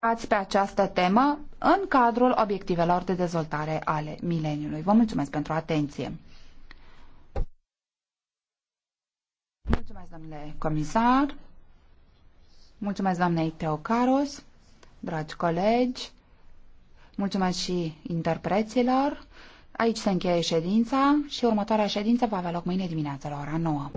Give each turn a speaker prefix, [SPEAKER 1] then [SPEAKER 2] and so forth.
[SPEAKER 1] ați pe această temă în cadrul obiectivelor de dezvoltare ale mileniului. Vă mulțumesc pentru atenție. Mulțumesc, domnule comisar. Mulțumesc, doamnei Teocaros, dragi colegi. Mulțumesc și interpreților. Aici se încheie ședința și următoarea ședință va avea loc mâine dimineața la ora 9.